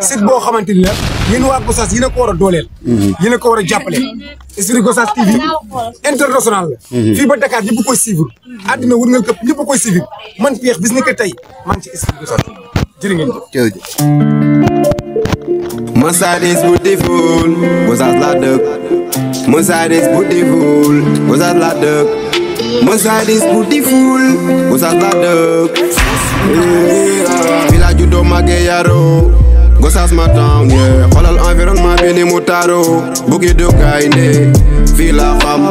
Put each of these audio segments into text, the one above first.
site boo xamante ni la yéen waa Gossas yéen a ko war a dooleel. Mhm. yéen ko war a jàppale. esprit mhm. Gossas TV mhm. fii ba Dakar ñëpp koy suivre. àddina wër nga këpp ñëpp koy suivre man Pekh bis ni que man ci esprit Gossas jërë ngeen jëf. Massadis Beautiful Gossas la dëkk Massadis Beautiful Gossas la dëkk. Massadis Beautiful Gossas la dëkk. Villa juddoo màggee yaroo gosaas ma town yeah xoolal environnement bi ni mu taaroo bukki du gaynde villa fam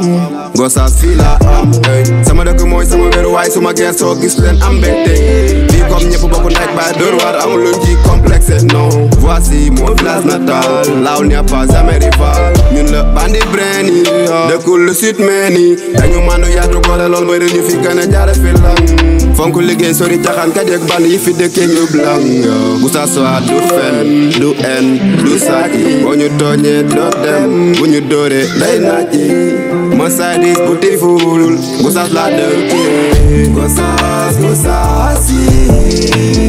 gosaas sa sila am sama dëkk mooy sama beru waaye su ma so gis leen am mbégte kom nye pou bokk naik baay dër war am luñ ji komplekse no voici mon village natal la ou a pas zame rival Min le bandi breni dëkkul meni, sud meeni dañu ya yaatu boole lol mooy ñu fi gën jare filan Fon kou fonk sori caxaan ka jeeg band yi fi dëkkee ñu blang bu sa soit du fen du en du sàcc boo ñu tooñee dem bu dore dóoree na pour bouteille vous Gossas la s'en Gossas, Gossas si.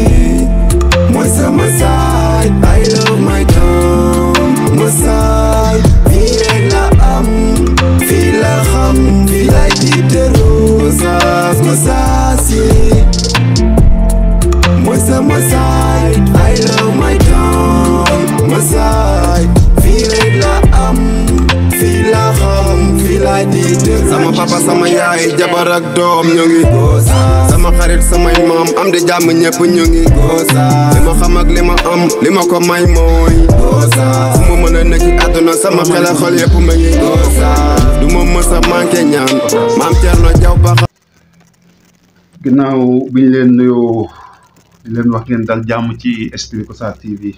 sama papa sama yaay jabar doom ñu ngi sama xarit samay maam am di jàmm ñëpp ñu ngi li ma xam ak li am li ko may mooy fu mu mën a nekk àdduna sama xel ak xol yëpp ma ngi du ma mës ñaan maam Thierno Diaw ba ginnaaw bi leen nuyoo di leen wax ngeen dal jàmm ci esprit Gossas TV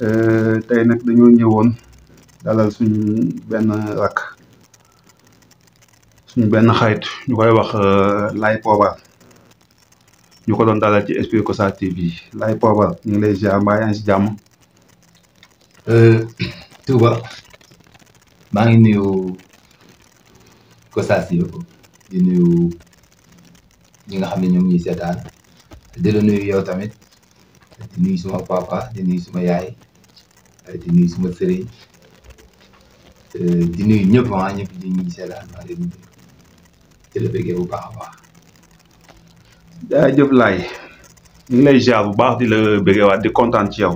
euh, tey nag dañoo ñëwoon dalal suñu benn rakk suñu benn xarit ñu koy wax euh, Laye Pobar ñu ko loon dalal ci Esprit Kossa TV Laye Pobar ñu ngi lay si mbaa yaa ngi si jàmm. Euh, Touba maa ngi nuyu Kossa si yëpp di nuyu ñi nga xam ne ñoom ñuy seetaan di nuyu yow tamit di nuyu suma papa di nuyu suma yaay di nuyu suma sëriñ euh, di nuyu ñëpp ah ñëpp di ñuy di la bu baax a baax. jaajëf laay ñu ngi lay ziar bu baax di la bëggeewaat di kontaan ci yow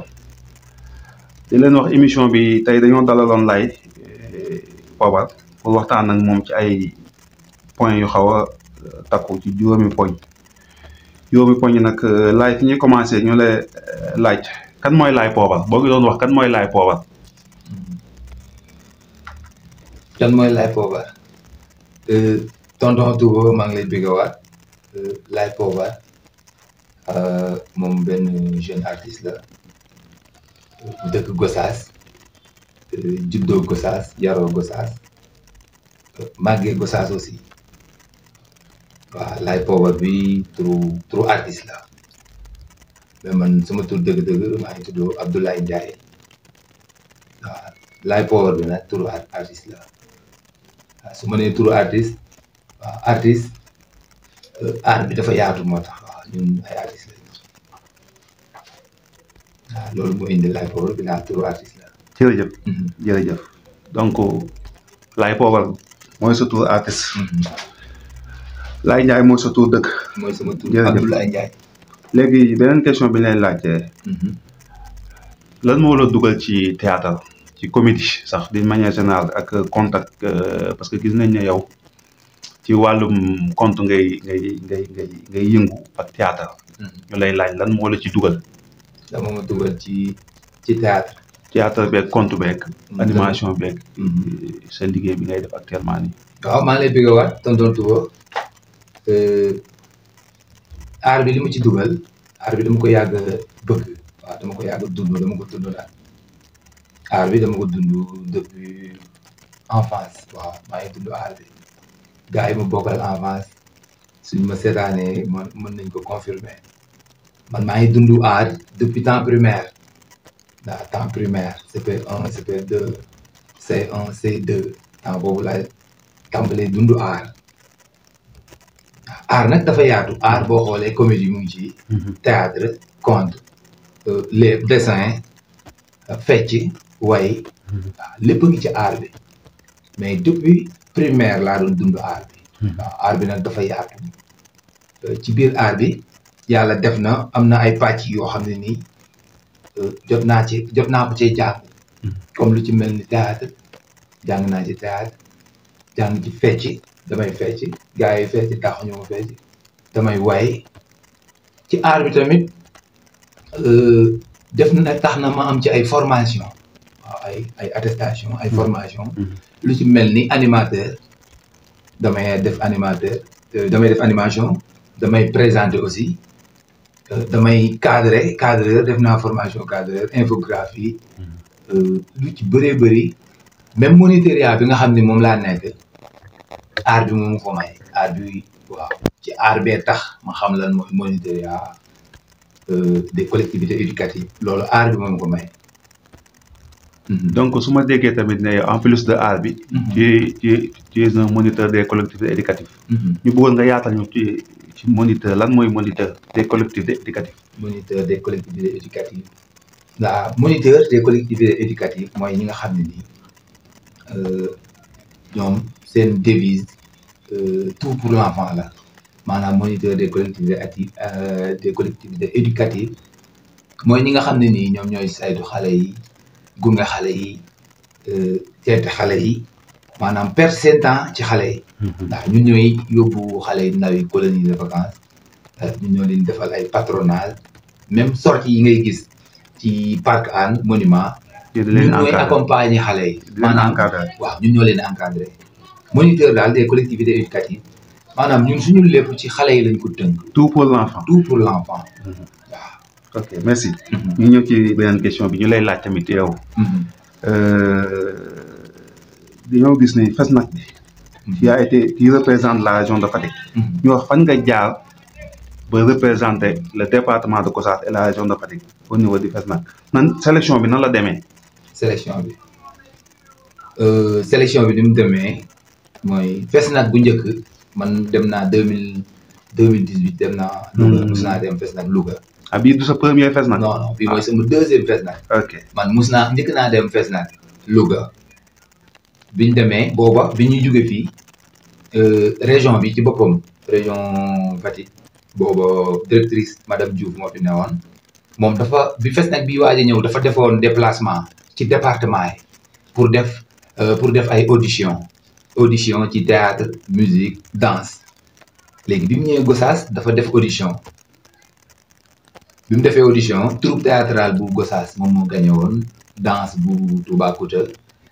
di leen wax émission bi tey dañoo loon laay eh, Pobar pour waxtaan ak moom ci ay point yu xaw a euh, takku ci juróomi poñ juróomi poñ nag euh, laay fi ñuy commencé ñu lay euh, laaj kan mooy laay Pobar boo ngi doon wax kan mooy laay Pobar. kan mooy tonton Touba maa ngi lay béggawaat euh, Laye Pobar euh, moom ben jeune artiste la dëkk Gossas euh, juddoo Gossas yaroo Gossas màggee Gossas aussi waaw Laye Pobar bi turu turu la mais man sama tur dëgg-dëgg maa ngi tudd Abdoulaye Ndiaye waaw Laye bi nag turu artiste la waaw su ma nee turu Artis, artiste art bi dafa yaatu moo tax waaw ñun ay artiste lañu waaw loolu moo indi laay poobal bi naa turu artiste la jërëjëf jërëjëf donc laay poobal mooy sa tur artiste laay njaay mooy sa tur dëkk mooy sama tur Abdoulaye Njaay léegi beneen question bi leen laajtee lan moo la dugal ci théâtre ci comédie sax d'une manière générale ak contact parce que gis nañ ne yow ci wàllum compte ngay ngay ngay ngay ngay yëngu ak théâtre mm-hmm. ñu lay laaj lan moo la ci dugal dama ma dugal ci ci théâtre théâtre beeg compte beeg mm-hmm. animation beeg mm-hmm. sa liggéey bi ngay def actuellement nii waaw maa ngi lay bëgg a waat tonton Touba euh, aar bi li mu ci dugal aar bi dama ko yàgg bëgg waaw dama ko yàgg dund dama ko dund daal aar bi dama ko dund depuis enfance waaw maa ngi dund aar bi gars yi ma bokkal avance suñ ma seetaanee man mën nañ ko confirmer man maa ngi dund art depuis temps primaire daa temps primaire un 1 CP2 C1 C2 temps boobu laa tàmbalee dund art art nag dafa yaatu art boo xoolee comédie mu ngi ci mhm. théâtre conte euh, les dessin fecc way mhm. lépp a ngi ci art bi mais depuis primaire laa doon dund aar bi waaw hmm. aar bi nag euh, ci biir aar yàlla def na am na ay pàcc yoo xam ne nii euh, jot naa ci jot naa ko cee jàng hmm. lu ci mel ni théâtre naa ci théâtre ci fecc damay fecc gars yi fecc tax ñu ma damay way ci aar tamit euh, def na tax na ma am ci ay formation ay attestation ay hmm. formation lu ci animateur damay def animateur euh, damay def animation damay présenter aussi euh, damay cadrer cadreur formation cadreur infographie hmm. euh, lu ci même monitoria bi nga xam ne moom laa ci ma xam lan des collectivités éducatives Mhm. donc suma ma tamit né en plus de art bi. Mhm. tu es tu es un moniteur des collectivités éducatives. Mhm. ñu bëggoon nga yaatal ñu ci ci moniteur lan mooy moniteur des collectivités éducatives. moniteur des collectivités éducatives. la moniteur des collectivités éducatives mooy ñi nga xam ne nii euh, ñoom seen devise euh, tout pour l'enfant la maanaam moniteur des collectivités ati euh, des collectivités éducatives mooy ñi nga xam ne nii ñoom ñooy saytu xale yi. gunge xale yi euh, teete xale yi maanaam per seen temps ci xale yi. Mhm. ndax ñu ñooy yóbbu xale yi ndaw yi colonie de vacances euh, ñun ñoo leen defal ay patronage même sortie yi ngay gis ci parc an monument. ñun ñooy accompagner xale yi. maanaam waaw ñun ñoo leen encadré. moniteur daal des collectivités éducatives maanaam ñun suñu lépp ci xale yi lañ ko tënk. tout pour l' enfant tout ok merci. Mhm. ñu ñëw ci beneen question bi ñu lay laaj tamit yow. Mhm. Euh, dañoo gis ne Fesnac bi. tu mhm. as été tu représentes la région de Fatick. ñu wax fan nga jaar ba représenter le département de Gossas e la région de Fatick au niveau du Fesnac nan sélection bi nan la demee. sélection bi euh, sélection bi ni mu demee mooy Fesnac bu njëkk man dem naa deux mille deux mille dix huit dem naa. Louga Louga. bii du sa premier Fesnac. non non bii ah. mooy sama deuxième Fesnac. ok man mus naa njëkk naa dem Fesnac Louga bi ñu boba, booba bi ñuy jóge fii euh, région bi ci boppam région Fatick boba, directrice madame Diouf moo fi newoon moom dafa bi Fesnac bi waaj a dafa defoon déplacement ci département yi pour def euh, pour def ay auditions, audition ci théâtre musique danse léegi bi mu ñëwee Gossas dafa def audition je me fait audition, troupe théâtrale pour Gossas, suis gagné, danse pour Touba Kotel,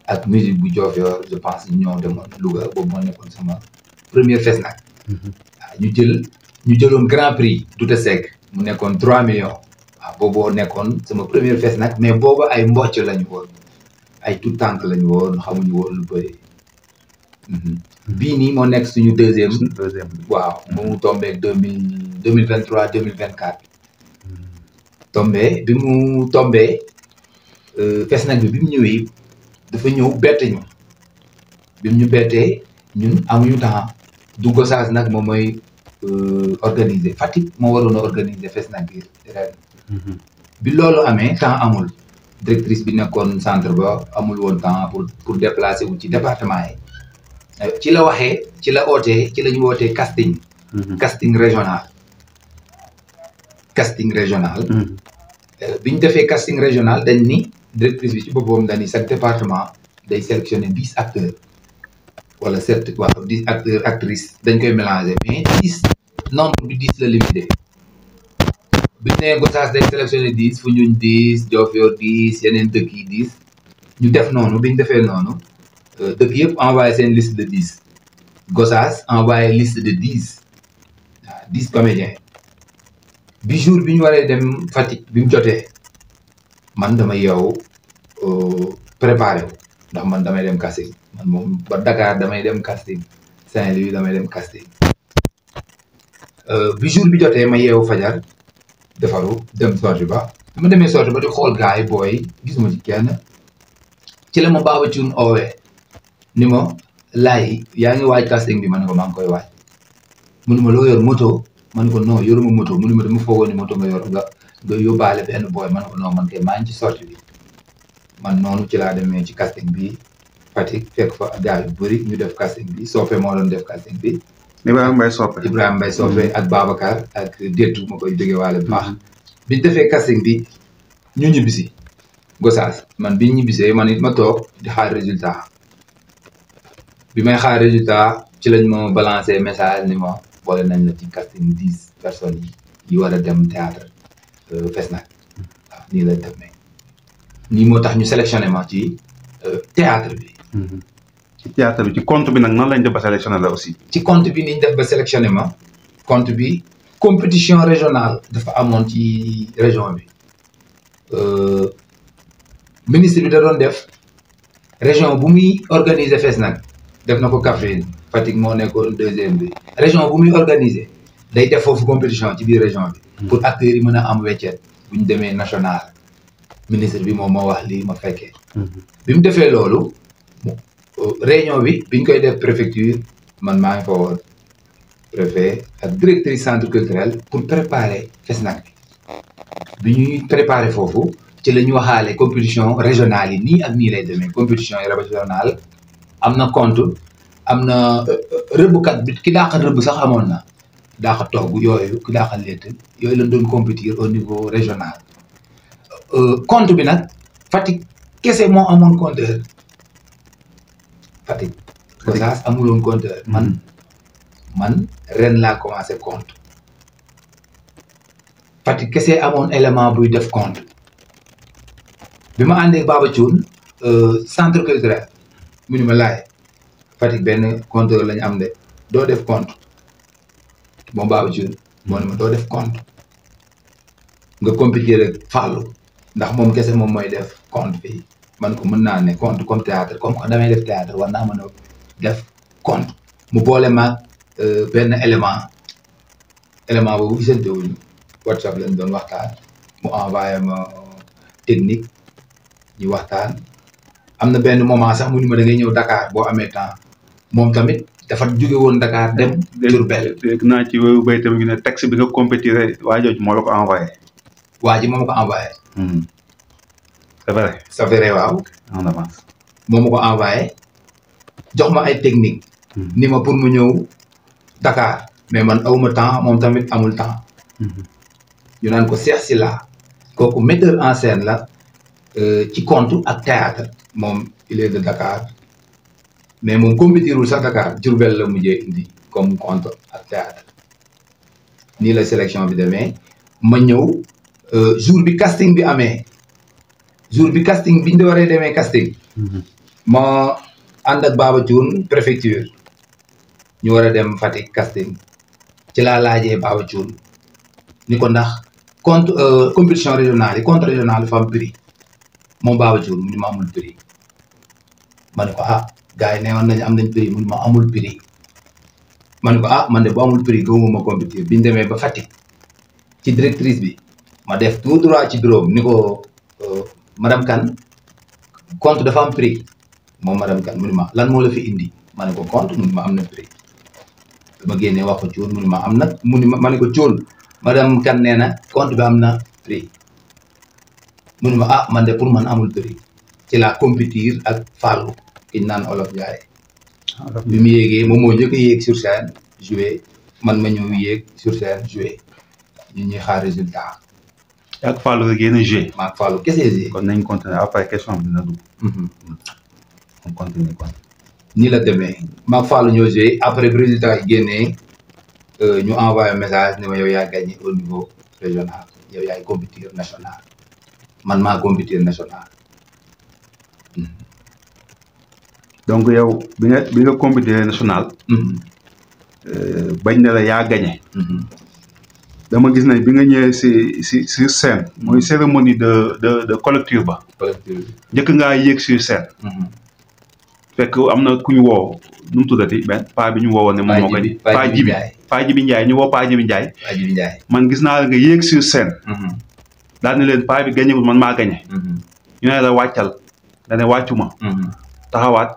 avec musique pour Jovior, je pense que nous avons de l'ouvrir pour mon consommé. Premier festival. Mm -hmm. Nous avons eu un grand prix, tout est sec, nous avons 3 millions. Bobo c'est mon premier festival, mais Bobo a eu un la nuit. Il tout le temps la nuit, nous avons eu le Bini, mon ex, est deuxième. Deuxième. Wow, tombé -hmm. 2023-2024. tombé bi mu tombe euh, fees nag bi bi mu ñëwee dafa ñëw bett ñu bi mu ñu bettee ñun amuñu temps du Gossas nag moom mooy euh, organiser Fatick moo waroon a organiser fees nag mhm. bi loolu amee temps amul directrice bi nekkoon centre ba amul woon temps pour pour déplacer wu ci département yi euh, ci la waxee ci la ootee ci la ñu wootee casting mhm. casting régional casting régional. Bien mm. fait le casting régional, dani directrice du bureau dani chaque département de sélectionner 10 acteurs. Voilà, certes, quoi, 10 acteurs, actrices, d'un coup mélangé, mais 10, nombre de 10 le limité. Bien que ça se sélectionne 10, Founioun 10, Jofior 10, Yenin Teki 10, nous devons nous, bien de faire non, on a euh, qui envoyer une liste de 10. Gossas envoie une liste de 10. 10 comédiens. bi jour bi ñu waree dem Fatick bi mu jotee man dama yow euh, préparé ndax man damay dem casting man moom ba Dakar damay dem casting Saint-Louis damay dem casting euh, bi jour bi jotee ma yeewu fajar defaru dem sorti ba ma demee sorti ba di xool gars booy gisuma ci kenn ci la ma baaba cuun oowee ni ma laay yaa ngi waaj casting bi ma ne ko maa ngi koy waaj munuma loo yor moto man ko non yoruma moto mu ne ma dama foogoon ni moto nga yor nga nga yóbbaale benn booy man ko non man kay maa ngi ci sortie bi man noonu ci laa demee ci casting bi Fatick fekk fa gars yu bëri ñu def casting bi Sophe moo doon def casting bi. Ibrahima Mbaye Sophe Ibrahima Mbaye Sophe mm-hmm. ak Babacar ak Détu ma koy jóge waale bu mm-hmm. defee casting bi ñu ñibbisi Gosaas man biñ ñibbisee man ma toog di xaar résultat may xaar résultat ci lañ ma balancé message ni ma. boole nañ la ci casting dix personnes yi yi war a dem théâtre Fesnac waaw nii la demee nii moo tax ñu sélectionné ma ci théâtre bi. ci théâtre bi ci compte bi nag nan lañ def ba sélectionné la aussi. ci compte bi ni ñu def ba sélectionné ma compte bi compétition régionale dafa amoon ci région bi uh, ministre bi da doon def région bu mi organiser fesnak def nako ko on est au deuxième bi région bu muy organiser day def compétition ci région hmm. pour yi am national ministre bi wax ma hmm. bi euh, biñ koy préfecture man suis préfet centre culturel pour préparer Fesnac bi préparer foofu ci la ñu compétition régionale ak lay compétition compte. am na euh, euh, rëbbkat bi ki daaxal rëbb sax amoon na daaxal togg yooyu ki daaxal létt yooyu la doon compétir au niveau régional euh, compte bi nag Fatick kese moo amoon compteur Fatick Gossas amuloon compteur man hmm. man laa commencé compte Fatick kese amoon élément buy def compte bi ma àndee Baba Thioune centre culturel mu ni ma laay Fatick benn compteur lañu am de doo def compte moom baaba ci moo ma doo def compte nga compliqué rek ndax moom kese moom mooy def compte fii man ko mën naa ne compte comme théâtre comme ko damay def théâtre war naa mën a def compte mu boole maag euh, benn élément élément boobu gisante wuñu WhatsApp lañ doon waxtaan mu envoyé ma technique ñu waxtaan am na benn moment sax mu ni ma da ngay ñëw Dakar boo amee temps moom tamit dafa jóge woon Dakar dem. Diourbel dégg naa ci wéyu bay tamit ñu ne bi nga compétiré waa moo la ko envoyé. waa ji moo ko envoyé. Hmm. c'est envoyé jox ma ay technique hmm. ni ma pour mu ñëw Dakar. mais man awuma temps moom tamit amul temps. Hmm. ñu naan ko Cheikh Sylla kooku metteur en scène la euh, ci conte ak théâtre moom il est de Dakar. mais moom compétirul sax Dakar Diourbel la mujjee indi comme conte ak théâtre nii la sélection bi demee ma ñëw euh, jour bi casting bi amee jour bi casting biñ da waree demee casting mhm. ma ànd ak Baba Thioune préfecture ñu war a dem Fatick casting ci laa laajee Baba Thioune ni ko ndax compte euh, compétition régionale yi contre régionale dafa prix moom Baba Thioune mu ni ma prix ma ne ko ah gaay neewon nañ am nañ prix mu ma amul prix man ko ah man de bu amul prix ma compétir biñ démé ba Fatick ci directrice bi ma def tout droit ci bureau ni ko euh, madame kan compte dafa am prix mo madame kan mu ma lan mo la fi indi Manu ko compte mu ma am na prix dama génné wax ko cuun mu ma am nag mu ma ne ko cuun madame kan néna compte ba am na prix mu ma ah man de pour man amul prix ci la compétir ak Fallou kiñ naan Olof Ndiaye. bi mu yéegee moom moo njëkk a yéeg man ma ñëw yéeg sur scène ñu ñuy xaar résultat. ak Fallou rek yéen a joué. maag Fallou kon nañ continuer après question bi mhm. la demee maag Fallou ñoo joué après résultat yi euh, ñu envoyé message ne ma yow yaa au niveau régional yow yaay compétiteur national man maa compétiteur national. Mhm. donc yow bi nga bi nga compétition nationale. Mm-hmm. Euh, bañ na la yaa gagné. Mm-hmm. dama gis nañ bi nga ñëw si si sur scène. Mm-hmm. mooy cérémonie de de de collecture ba. collecture njëkk ngaa yéeg sur scène. fekk am na ku ñu woo nu mu tuddati benn paa bi ñu woowoon ne moom moo ko. paa jibi paa jibi Ndiaye ñu woo paa jibi Ndiaye. paa man gis naa la nga yéeg si seen daal leen paa bi gagné wul man maa gagné. ñu ne la wàccal nga ne taxawaat.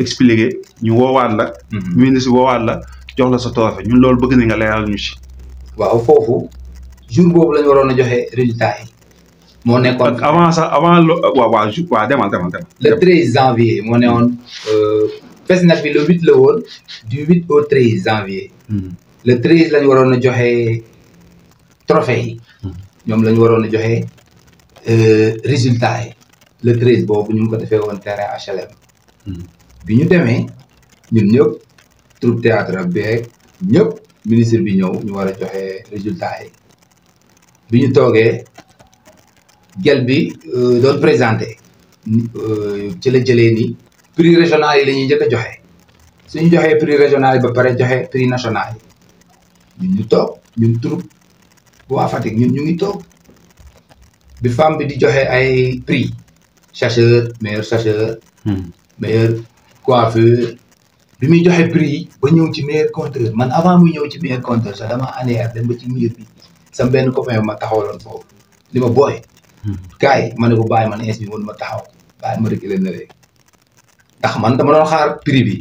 expliqué ñu woowaat la. Mhm. ministre woowaat la jox la sa trophée ñun lool bëgg na nga leeral ñu si. waaw foofu jour boobu lañu ñu waroon a joxe résultat yi. moo nekkoon avant ça avant lo waaw waaw ju waaw demal demal demal. janvier moo ne woon euh, Fesnac bi le huit la woon du huit au treize janvier. Mhm. le treize la ñu waroon a joxe trophée mhm. ñoom lañu ñu waroon a joxe euh, résultat yi. le treize boobu ñu ngi ko defee woon terrain HLM. bi ñu demee ñun ñëpp troupe théâtre beeg ñëpp ministre bi ñëw ñu war a joxe résultat yi bi ñu toogee gel bi euh, doon présenté euh, ci la jëlee ni prix régional yi la ñuy njëkk joxe suñu joxee prix régional yi ba pare joxe prix national yi ñun ñu toog ñun troupe waa Fatick ñun ñu ngi toog bi femme bi di joxe ay prix chasseur meilleur chasseur hmm. meilleur coiffeur bi muy joxe prix ba ñëw ci meilleur conteur man avant mu ñëw ci meilleur conteur sax dama anéer dem ba ci mur bi sam benn copain ma taxawaloon foofu li ma booy hmm. kaay ma ne ko bàyyi man ins bi mënu ma taxaw bàyyi ma reculer na léegi ndax man dama doon xaar prix bi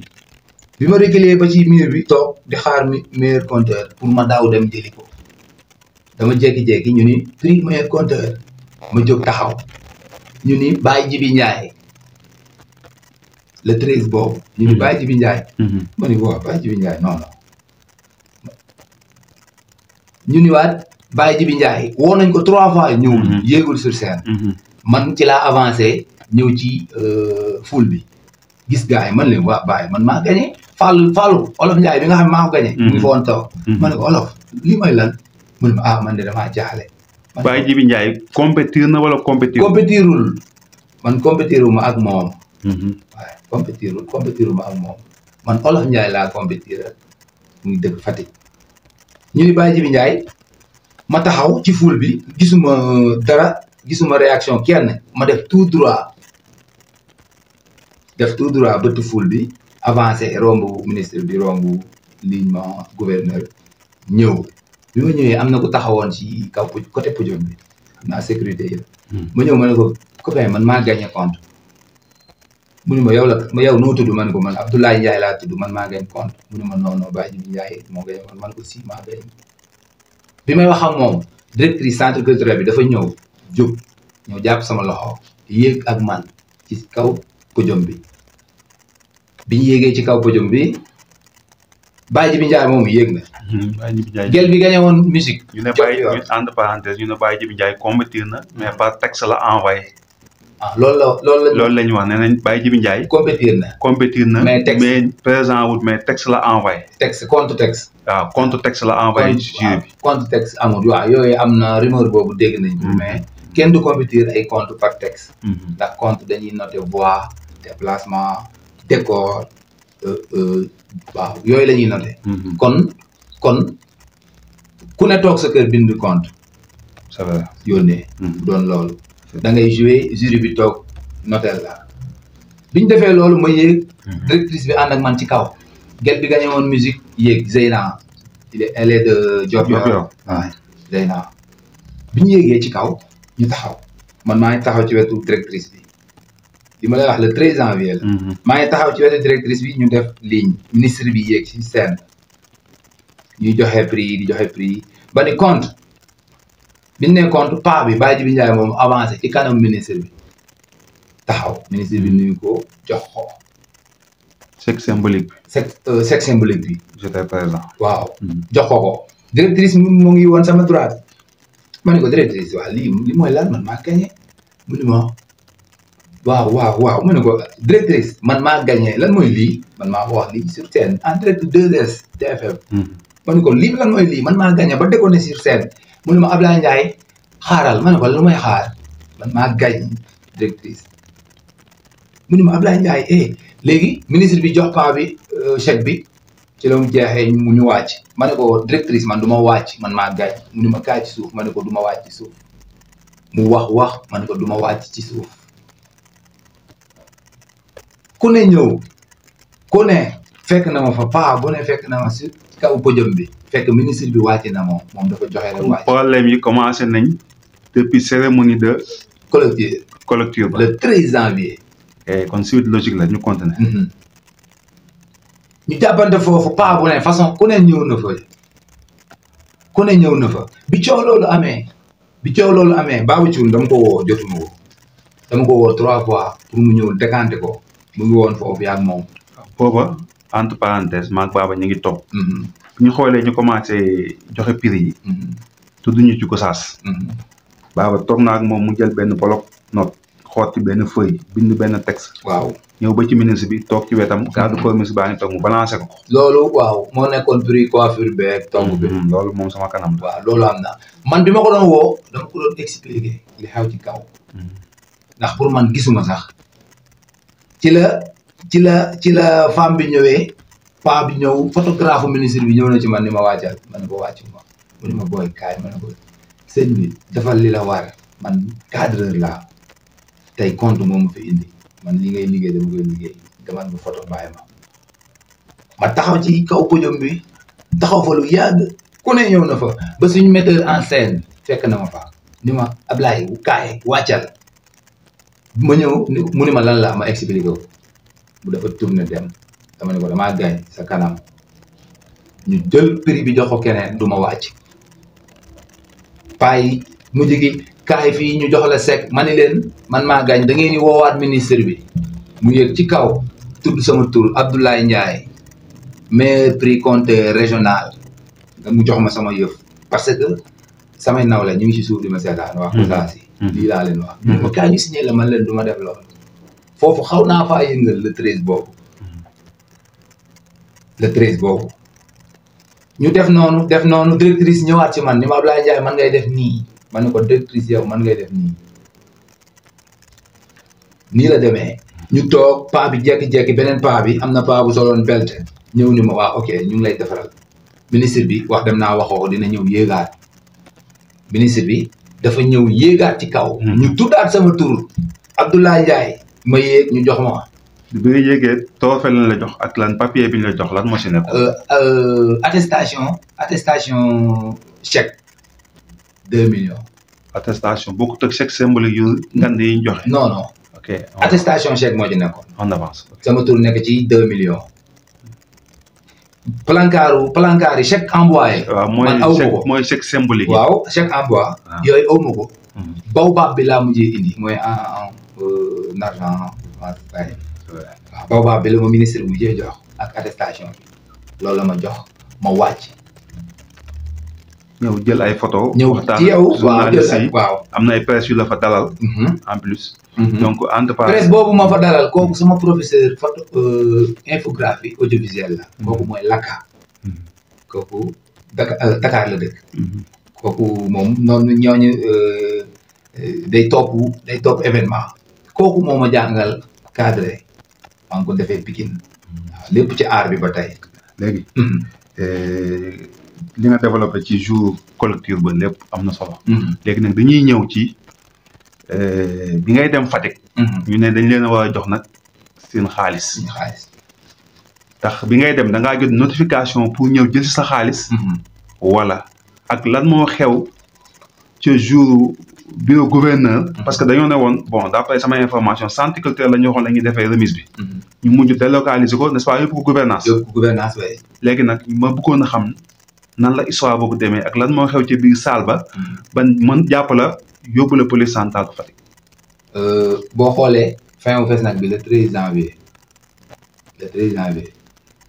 bi ma reculer ba ci mur bi toog di xaar meilleur conteur pour ma daaw dem jëli ko dama jékki-jékki ñu ni prix meilleur conteur ma jóg taxaw ñu ni bàyyi jibi ñaay le treize boobu. Mm-hmm. ñu ni Baye Jibi Ndiaye. Mm-hmm. ma ni waaw Baye Jibi Ndiaye non non. ñu ni waat Baye Jibi Ndiaye woo nañ ko trois fois ñëwul. Mm-hmm. yéegul sur scène. man ci laa avancé ñëw ci euh, foule bi. gis gars yi man leen waa Baye man maa gagné Fallou Fallou Olof Ndiaye bi nga xam ne maa ko gagné. mu ngi fa woon taw. ma ne ko Olof lii mooy lan mu ne ma ah man de damaa jaaxle. Baye Jibi Ndiaye compétir na wala compétir. compétirul man compétiruma ak moom. waaye compétir compétir ma ak moom man Olof Njaay laa compétir muy dëkk Fatick ñuy bàyyi Jibi Njaay ma taxaw ci foule bi gisuma dara gisuma réaction kenn ma def tout droit def tout droit bëtt foule bi avancé romb ministre bi romb lignement gouverneur ñëw bi ma ñëwee am na ku taxawoon ci kaw côté podium bi am naa sécurité yi hmm. ma ñëw ma ne ko copain man maa gagné compte mu ne ma yow la ma yow noo tudd man ko man Abdoulaye Ndiaye laa tudd man maa gañ compte mu ne ma non non Baye Djibi Ndiaye moo gañ man man aussi bi may wax ak moom directrice bi dafa ñëw jóg ñëw jàpp sama loxo yéeg ak man ci bi bi ñu ci kaw podium bi Baye Djibi Ndiaye moom yéeg na. Mhm, Baye Djibi Ndiaye gel bi gañe woon musique. ñu ne Baye entre parenthèse ñu ne Baye Djibi Ndiaye combattir na mais par texte la envoyé. ah loolu la loolu loolu la ñu wax nee nañ Baye Jibi Ndiaye. compétir na compétir na. mais texte mais présent wut mais texte la envoyé. texte contre texte. waaaa ah, contre texte la envoyé. jury bi contre texte amul waaw yooyu am na rumeur boobu dégg nañ mhm. mais kenn du compétir ay compte par texte. Mhm. ndax compte dañuy noté voix déplacement décor euh, euh, waaw yooyu la ñuy mhm. kon kon ku ne toog sa kër bind compte. c'est vrai da ngay joué jury bi toog notel la bi ñu defee loolu ma yéeg directrice bi ànd ak man ci kaw gel bi gagné woon musique yéeg Zeyna il est elle est de Diofior ñu yéegee ci kaw ñu taxaw man maa ngi taxaw ci wetu directrice bi li ma lay wax le treize janvier la mhm. maa ngi taxaw ci wetu directrice bi ñu def ligne ministre bi yéeg ci scène ñuy joxe prix di joxe prix ba ni compte biñ ne compte paa bi Baye Jibi Ndiaye moom avancé ci kanam ministre bi taxaw ministre bi nuyu ko jox ko. chèque symbolique bi. chèque euh, chèque symbolique bi. j'étais présent. waaw mm-hmm. jox ko ko. directrice mu mu ngi woon sama droite ma ne ko directrice waaw lii ma waaw waaw waaw mu ne ko directrice man maa gagné lan mooy lii man maa ko wax lii sur scène en direct 2S TFM. Mm-hmm. ma ko lii lan mooy lii man maa gagné ba déggoo ne sur scène. mu ne ma Ablaye Ndiaye xaaral ma ne lu may xaar man maa gañ directrice mu ne ma Ablaye Ndiaye eh léegi ministre bi jox paa bi euh, bi ci la mu jeexee mu ñu wàcc ma ne ko directrice man du ma wàcc man maa gañ mu ne ma kaay ci suuf ma ne ko du ma wàcc ci suuf mu wax wax ma ne ko du ma wàcc ci suuf ku ne ñëw ku ne fekk na ma fa paa bu ne fekk na ma si kaw bi. fekk ministre bi wàcc na moom moom dafa joxe rek wàcc. problème yi commencé nañ depuis cérémonie de. collective collective le 13 janvier. Eh, kon suite logique la ñu continuer. Mm-hmm. ñu jàppante foofu pas bu ne façon ku ne ñëw na fa ku ne ñëw na fa bi coow loolu amee bi coow loolu amee Babou Thioune dama ko woo jotuma ko dama ko woo trois fois pour mu ñëw décanté ko mu ngi woon foofu yaa moom. booba entre parenthèse maag Baba ñu ngi toog. Mm-hmm. ñu xoolee ñu commencé joxe prix yi. Mm-hmm. tudd ñu ci Gossas. Mm-hmm. baaba toog naa ak moom mu jël benn bloc note xoot ci benn feuille bind benn texte. waaw ñëw ba ci ministre bi toog ci wetam. garde du mm-hmm. corps municipal ñu toog mu ko. loolu waaw moo nekkoon prix coiffure beeg togg bi. loolu moom sama kanam la. waaw loolu am na man bi ma ko doon woo dama ko doon expliqué li xew ci kaw. ndax pour man gisuma sax. ci la ci la ci la femme bi ñëwee. paa bi ñëw photographe ministre bi ñëw na ci man ni ma waajal ma ne ko wàccu ma mu ne ma booy kaay ma ne ko sëñ bi defal li la war man cadreur laa tey compte moomu fi indi man li ngay liggéey dama liggéey demal ma photo ma taxaw ci kaw ku ne ñëw na fa ba suñ metteur en scène fekk na ma fa ni ma Ablaye wu kaay wàccal ma ñëw mu ni ma lan la ma expliqué ko dafa tourné dem dama ne ko damaa gaañ sa kanam ñu jël prix bi jox keneen du ma wàcc paa yi mujj gi kaay fii ñu jox la sec ma ni leen man maa gaañ da ngeen di woowaat ministre bi mu yëg ci kaw tudd sama tur Abdoulaye Ndiaye maire prix régionale régional mu jox ma sama yëf parce que sama naw la ñu ngi si suuf di ma seetaan wax mm-hmm. saa si mm-hmm. lii laa leen wax mm-hmm. ma kaay ñu signé la man leen du ma def loolu foofu xaw naa faa yëngal le treize boobu le treize boobu ñu def noonu def noonu directrice ñëwaat ci man ni ma Ablaye Ndiaye man ngay def nii man ne ko directrice yow man ngay def nii nii la demee ñu toog paa bi jekki-jekki beneen paa bi am na paa bu soloon belte ñëw ni ma waa ok ñu ngi lay defaral ministre bi wax dem naa waxoo dina ñëw yéegaat ministre bi dafa ñëw yéegaat ci kaw hmm. ñu tuddaat sama tur Abdoulaye Ndiaye ma yéeg ñu jox ma bi nga to toofe lañ jox ak lan papier bi la jox lan moo si nekk. attestation attestation chèque deux millions. attestation bokkut ak chèque symbolique yu ngand yi ñu joxe. non non. attestation chèque moo ci nekkoon. en avance. sama tur nekk ci deux millions. plancaaru plancaaru chèque envoyé. waaw mooy chèque mooy chèque symbolique. waaw chèque envoi. yooyu aw ma ko. baobab bi laa argent waaw baobab bi la ministre bu jee jox ak attestation bi loolu la ma jox ma wàcc. ñëw jël ay photo ñëw ci yow waaw jël ay waaw am na ay presse la fa dalal. Mhm. en plus. Mhm. donc entreprise presse boobu ma fa dalal kooku sama professeur photo euh, infographie audiovisuelle la. Mhm. kooku mooy Laka. kooku euh, Dakar la dëkk. kooku moom noonu ñooñu euh, day topp day topp événement. kooku moo ma jàngal cadré maa ngi ko defee Pikine lép ci aar bi ba tey. léegi. Mhm. Eh, li nga développé ci jour collectif ba lépp am na solo. Mhm. léegi nag dañuy ñëw ci eh, bi ngay dem Fatick. Mhm. ñu ne dañ leen a war a jox nag seen xaalis. tax bi ngay dem danga ngaa jot notification pour ñëw jël sa xaalis. wala ak lan moo xew ca jour. bureau gouverneur parce que d'ailleurs, néwoon bon d'après après sama information centiculteur la ñoxoon la ñuy defee remise bi. Mhm. ñu mujj délocaliser ko n' est ce pas pour gouvernance. yëpp gouvernance oui. léegi nag ma bëggoon a xam nan la histoire boobu demee ak lan moo xew ci biir salle ba. Mhm. ba mën jàpp la yóbbu la police centrale Fatick. Euh, boo xoolee fin on fees nag bi le 13 janvier le 13 janvier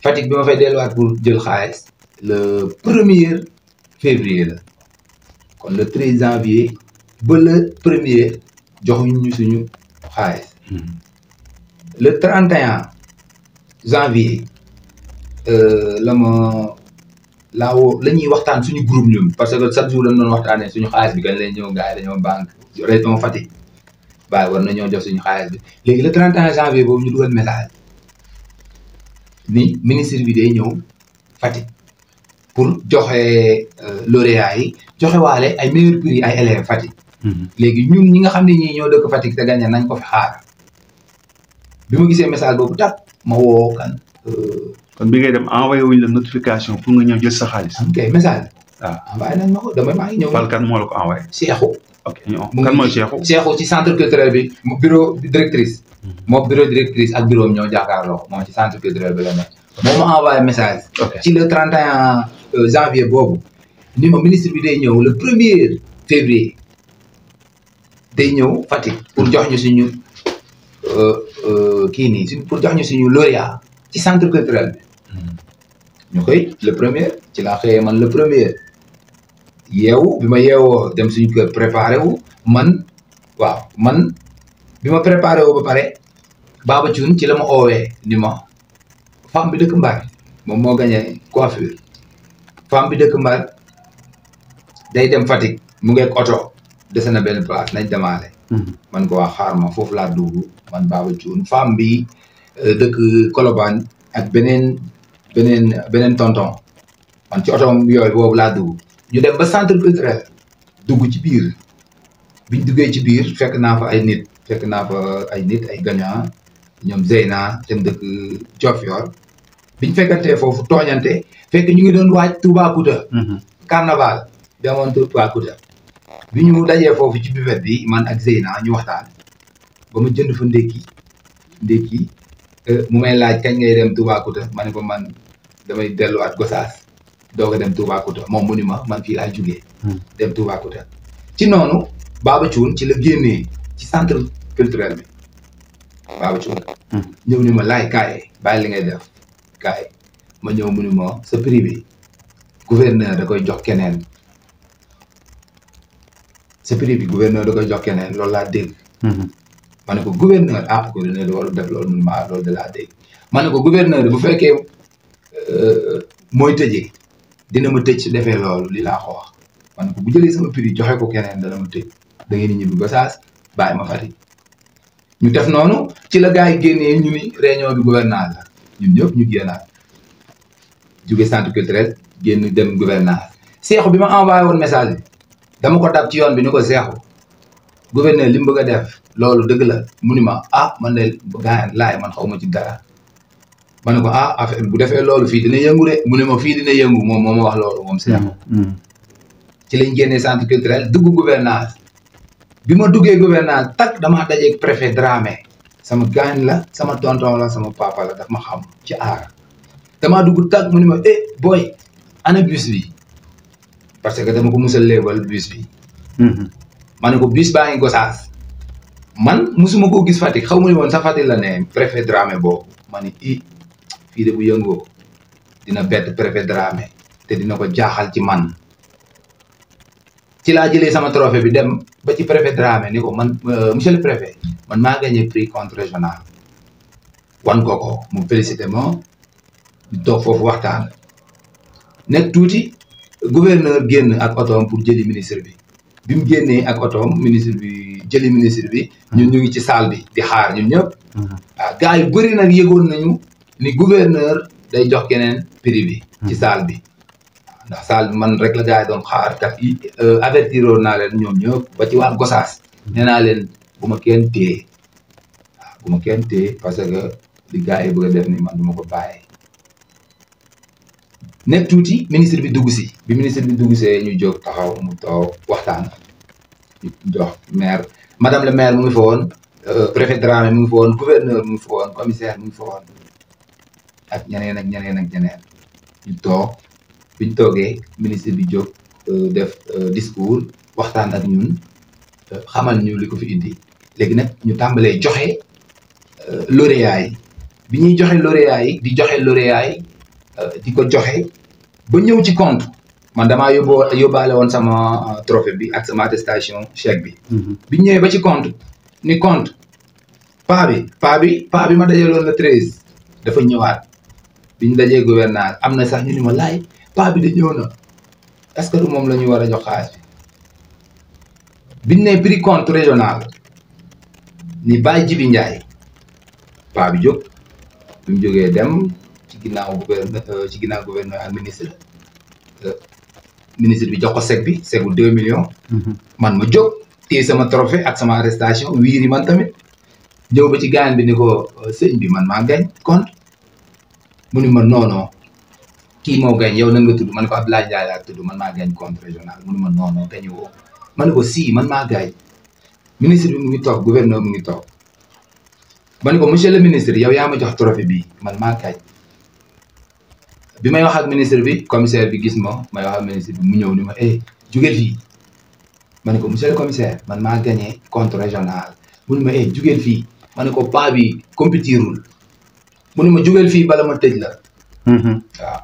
Fatick bi fait fay delluwaat pour jël xaalis le 1er février la le 13 janvier le premier en hmm. le 31 janvier euh, nous groupe parce que chaque jour nous avons suñu xaalis bi kañ ñëw banque Nous war le 31 janvier avons ñu un message ni ministre bi day pour donner euh, l'oréal yi joxe meilleurs prix ay élèves Mm-hmm. léegi ñun ñi nga xam ne ñii ñoo dëkk Fatick te gagné nañ ko fi xaar bi ma gisee message boobu tax ma woo kan. Euh, kon bi ngay dem envoyé wuñ la notification pour nga ñëw jël sa xaalis. message. Ah. nañ ma ko damay maa ngi ñëw. Fall kan moo la ko envoyé. Cheikhou. ok kan mooy Cheikhou. Cheikhou ci centre culturel bi bureau directrice. Mm-hmm. moo bureau directrice ak bureau am ñoo jàkkaarloo moo ci centre culturel bi la nekk. moo ma message. ci le 31 euh, janvier boobu. ni ma ministre bi day ñëw le premier day ñëw Fatick pour jox ñu suñu euh, euh, kii nii suñ pour jox ñu suñu lauréat ci centre culturel bi hmm. ñu koy le premier ci la xëyee man le premier yeewu bi ma yeewoo dem suñu kër préparé man waaw man bi ma préparé ba pare Baba Thioune ci la ma oowee ni ma femme bi dëkk Mbar moom moo gagné coiffure femme bi dëkk Mbar day dem Fatick mu ngeeg oto dese na benn place nañ demaale hmm. man ko waa xaar ma foofu laa dugg man Baba Thioune femme bi euh, dëkk Colobane ak beneen beneen beneen tonton man ci otoom yooyu boobu laa dugg ñu dem ba centre culturel dugg ci biir biñ duggee ci biir fekk naa fa ay nit fekk naa fa ay nit ay gagnant ñoom Zeyna dem dëkk Diofior biñ fekkantee foofu tooñante fekk ñu ngi doon waaj Toubacouta hmm. carnaval demoon Toubacouta bi ñu dajee foofu ci buvette bi man ak Zeyna ñu waxtaan ba ma jënd fa ndékki ndékki euh, mu may laaj kañ ngay dem Toubacouta ma ne ko man damay delluwaat Gosaas doog a dem Toubacouta moom mu ni ma man fii laa jugee. Hmm. dem Toubacouta ci noonu Baba Thioune ci la ci centre culturel bi Baba Thioune. Hmm. ñëw ni ma laaj kaay bàyyi li ngay def kaay ma ñëw mu ni ma sa privé gouverneur da koy jox keneen prix bi gouverneur da koy jox keneen loolu laa dégg. Mm-hmm. ma ne ko gouverneur ah maa ne ko gouverneur bu fekkee euh, mooy tëjee dina ma tëj su defee loolu li laa ko wax ma ko bu jëlee sama prix joxe ko keneen dana ma tëj da ngeen di ñibbi Gossas bàyyi ma Fatick ñu def noonu ci la gars yi génnee ñu ni réunion bi gouvernance la ñun ñëpp ñu génnaat jóge centre culturel génn dem gouvernance seexu bi ma envoyé woon message dama ko dab ci yoon bi ni ko seexu gouverneur li mu bëgg a def loolu dëgg la mu ni ma ah man de gaañ laay man xaw ma ci dara ma ne ko ah affaire bu defee loolu fii dina yëngu de mu ne ma fii dina yëngu moom moo ma wax loolu moom seexu mm, mm. ci lañ génnee centre culturel dugg gouvernance bi ma duggee gouvernance tak damaa dajeeg préfet Dramé sama gaañ la sama tonton la sama papa la daf ma xam ci aar damaa dugg tak mu ne ma eh boy ana bus bi parce que dama ko mus a léebal bus bi. Mhm. ma ne ko bus baa ngi Gosaas. man musuma koo gis Fatick xaw ma ni woon sax Fatick la ne préfet Dramé bo ma ne i fii de bu yëngoo dina bett préfet Dramé te dina ko jaaxal ci man ci laa jëlee sama trophée bi dem ba ci préfet Dramé ni ko man euh, monsieur le man maa gagné prix contre régional wan koko ko mu félicité ma foofu waxtaan nekk tuuti gouverneur génn ak otoom pour jëli ministre bi bi génnee ak otoom ministre bi jëli ministre bi ñun ñu ngi ci salle bi di xaar ñun ñëpp waaw mm-hmm. ah, gars yu nag yëgoon nañu ni gouverneur day jox keneen prix bi ci mm-hmm. saal bi ndax salle bi man rek la gars yi doon xaar kat euh, avertir naa leen ñoom ñëpp ba ci waa Gosaas mm-hmm. nee naa leen bu ma kenn téye waaw ah, bu ma kenn téye parce que li gars yi bëgg a def ni man du ma ko bàyyi nekk tuuti ministre bi dugg si bi ministre bi dugg see ñu jóg taxaw mu toog waxtaan ñu jox maire madame le maire mu ngi fa woon euh, préfet Dramé mu ngi fa woon gouverneur mu ngi fa woon commissaire mu ngi fa woon ak ak ñeneen ak ñeneen ñu toog biñ toogee ministre bi jóg euh, def euh, discours waxtaan ak ñun xamal ñu li ko fi indi léegi nag ñu tàmbalee joxe lauréat yi bi ñuy joxe lauréat di joxe lauréat yi di ko joxe ba ñëw ci compte man damaa yóbboo yóbbaale woon sama euh, trophée bi ak sama station chèque bi. Mhm. bi ñëwee ba ci compte ni compte paa bi paa bi paa bi ma dajaloon la dafa ñëwaat bi ñu dajee gouverneur am na sax ñu ni ma laay paa bi da ñëw que du moom la ñu war a jox xaalis bi biñ ne prix compte régional ni Baye Jibi Ndiaye paa bi jóg bi mu jógee dem. ginnaaw gouverne euh, ci ginnaaw ak ministre euh, ministre bi jox ko sec bi sec bu deux millions mhm. man ma jóg téye sama trophée ak sama arrestation wiiri man tamit ñëw ci gaan bi ni ko euh, sëñ bi man maa gañ compte mu ni ma noonoo kii moo gañ yow nan nga tudd man ko Abdoulaye man maa gañ compte régional mu ni ma noonoo gañu woo ma ne ko si man maa gañ ministre bi mu ngi toog gouverneur mu ngi toog ma ne ko monsieur le ministre yow yaa ma jox trophée bi man maa gañ bi may wax ak ministre bi commissaire bi gis moo may wax ak ministre bi mu ñëw ni ma eh jugee fii ma ne ko monsieur le commissaire man maa gagné compte régional mu ne ma eh jugee fii ma ne ko pas bi compétirul mu ne ma jugee fii bala ma tëj la. Mm-hmm. waaw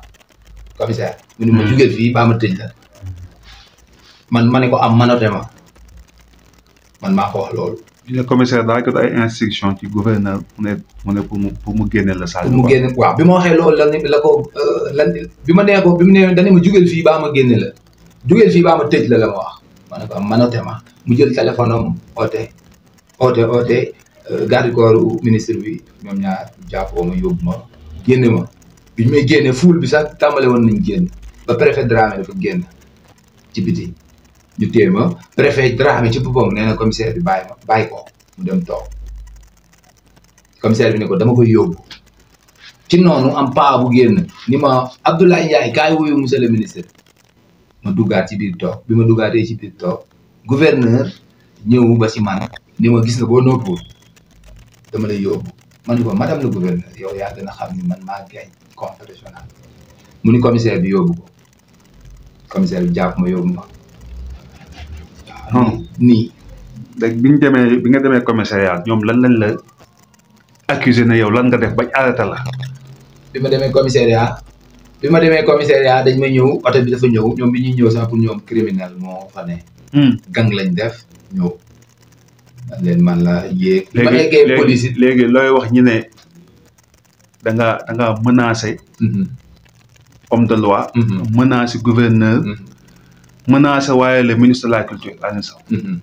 commissaire. mu ne ma mm-hmm. jugee fii baa ma tëj la. man ma ne ko am manote ma man ma ko wax loolu. ñu ne commissaire daal jot ay instruction ci gouverneur mu ne mu génne la. Sadio mu génne waaw bi ma waxee loolu la ko euh, lan bi ma nee bi mu nee dañu ma jugeel fii baa ma génne la jugeel fii baa ma tëj la la ma wax ma manote ma mu jël téléphone am oote oote oote euh, garde ministre bi ñoom ñaar jàppoo ma yóbbu ma génne ma bi ñu may génne fuul bi sax tàmbale woon nañ génn ba préfet Dramé dafa ci biti. ñu téye ma préfet Dramé ci boppam nee commissaire bi bàyyi ma bàyyi ko mu dem toog commissaire bi ne ko dama koy yóbbu ci noonu am paa bu génn ni ma Abdoulaye Ndiaye kaay wuyu monsieur le ministre ma duggaat ci biir toog bi ma duggaatee ci biir toog gouverneur ñëw ba si man ni ma gis nga boo noppuwul dama la yóbbu ma ni ko madame le gouverneur yow yaa xam ni man maa gañ compte mu ni commissaire bi yóbbu ko commissaire bi jàpp ma yóbbu ma Hmm. nii léegi bi ñu demee bi nga demee commissariat ñoom lan lañ la accusé na yow lan nga def bañ arrêté la. bi ma demee commissariat bi ma demee commissariat dañ ma ñëw oto bi dafa ñëw ñoom bi ñuy ñëw sax pour ñoom moo fa ne. Hmm. gang lañ def ñëw. leen la yéeg. léegi léegi looy wax ñu ne da nga da nga menacé. Mm-hmm. homme de loi. Mm-hmm. menacé gouverneur. Mm-hmm. menacé waaye le ministre de la culture Alioune Sow. Mhm.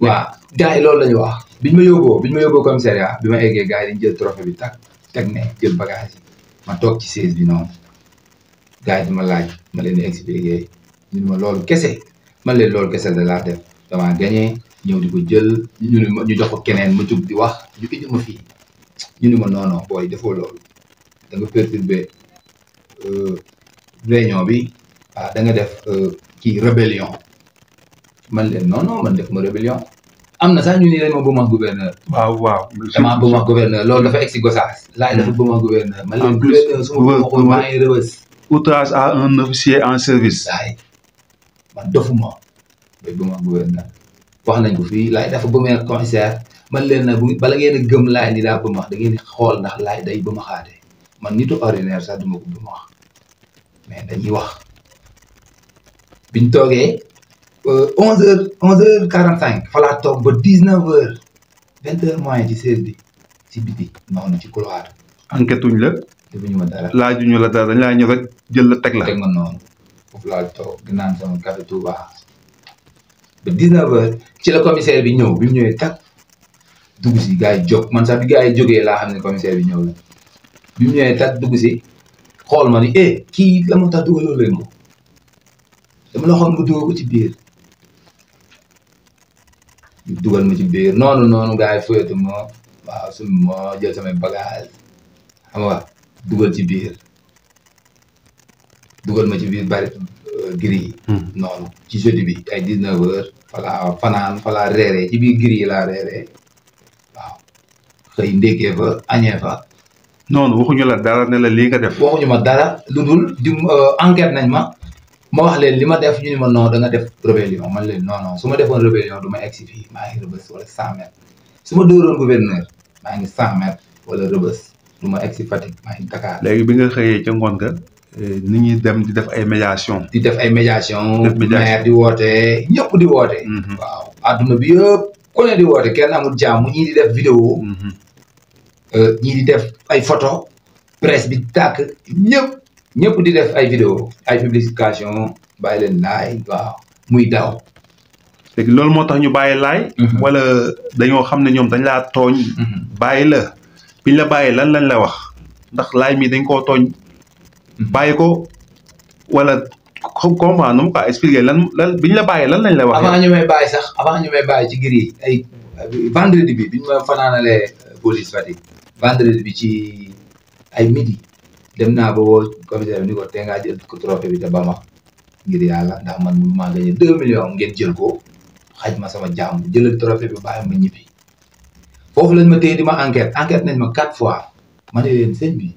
waaw loolu la wax. biñ ma yóbboo biñ ma yóbboo commissariat bi ma eggee gars yi jël trophée bi tag teg jël bagage yi ma toog ci siège bi noonu gars di ma laaj ma leen di expliquer ñu ma loolu kese man leen loolu kese da laa def damaa gagné ñëw di jël ñu ne keneen ma jug di wax ñu indi ma fii ñu ne ma non booy defoo loolu da nga perturbé euh, réunion bi ah da nga def. Euh, kii rébellion man leen non non man def ma rébellion am na sax ñu ne dañ ma bëma gouverneur. waaw waaw damaa bëma gouverneur loolu dafa egg si Gossas. laaj dafa bëma gouverneur. man leen gouverneur su ma ko maa ngi rëbës. outrage à un officier en service. laay man dofuma bay bëma gouverneur wax nañ ko fii laaj dafa bëmee commissaire man leen na bu bala ngeen a gëm laaj ni daa ma da ngeen xool ndax laaj day ma xaate man nitu ordinaire sax duma ko ma wax mais dañuy wax. biñ toogee euh, onze heures onze heures quarante cinq falaa toog ba dix neuf heures vingt heures moins ci sees bi ci biti noonu ci couloir enquête wuñ la defuñu ma dara laajuñu la dara dañ laa ñëw rek jël la teg la teg ma noonu foofu laa toog di naan sama café Touba ba dix neuf heures ci la commissaire bi ñëw bi mu ñëwee tak dugg si gars yi jóg man sax bi gars yi jógee laa xam ne commissaire bi ñëw la bi mu ñëwee tak dugg si xool ma ni eh kii la moo tax dugaloo leen ko dama la xoon nga dugal ko ci biir dugal ma ci biir noonu noonu gars yi fuyatu ma jël samay bagage xam nga dugal ci biir dugal ma ci biir bari euh, gris hmm. noonu ci jeudi bi ay dix neuf heures falaa fanaan falaa reeree ci biir gris laa reeree waaw xëy ndékkee fa añee fa noonu waxuñu la dara ne la lii nga def waxuñu ma dara lu dul di euh, enquête ma ma wax leen li ma def ñu ni ma non da def rébellion man leen non su ma defoon rébellion du ma egsi fi maa ngi rëbës wala cent su ma dóoroon gouverneur maa ngi cent mètres wala rëbës du ma egsi Fatick maa ngi Dakar. léegi bi nga xëyee ca ngoon nga. Eh, ni ñuy dem di def ay médiation di def ay médiation maire di woote ñëpp di woote mm-hmm. waaw adduna bi yëpp ku ne di woote kenn amul jàmm ñii di def vidéo mm-hmm. eh, ñii di def ay photo presse bi tàkk ñëpp ñëpp di def ay vidéo ay publication bàyyi leen laay waaw muy daw. léegi loolu moo tax ñu bàyyi laay. Mhm. wala dañoo xam ne ñoom dañ laa tooñ. Mhm. bàyyi la biñ la bàyyi lan lañ la wax ndax laay mi dañ koo tooñ. Mhm. bàyyi ko wala comprendre nu mu ko expliquer lan lan biñ la bàyyi lan lañ la wax. avant ñu may bàyyi sax avant ñu may bàyyi ci ngir yi ay vendredi bi biñ ma fanaanalee euh, police Fatick vendredi bi ci ay midi. dem naa ba woo commissaire bi ni ko tey ngaa jël ko trophée bi te ba ma ngir yàlla ndax man mënu maa gagné deux millions ngeen jël ko xaj ma sama jàmm jëlal trophée bi bàyyi ma ñibbi foofu lañ ma téye di ma enquête enquête nañ ma quatre fois ma ne leen sëñ bi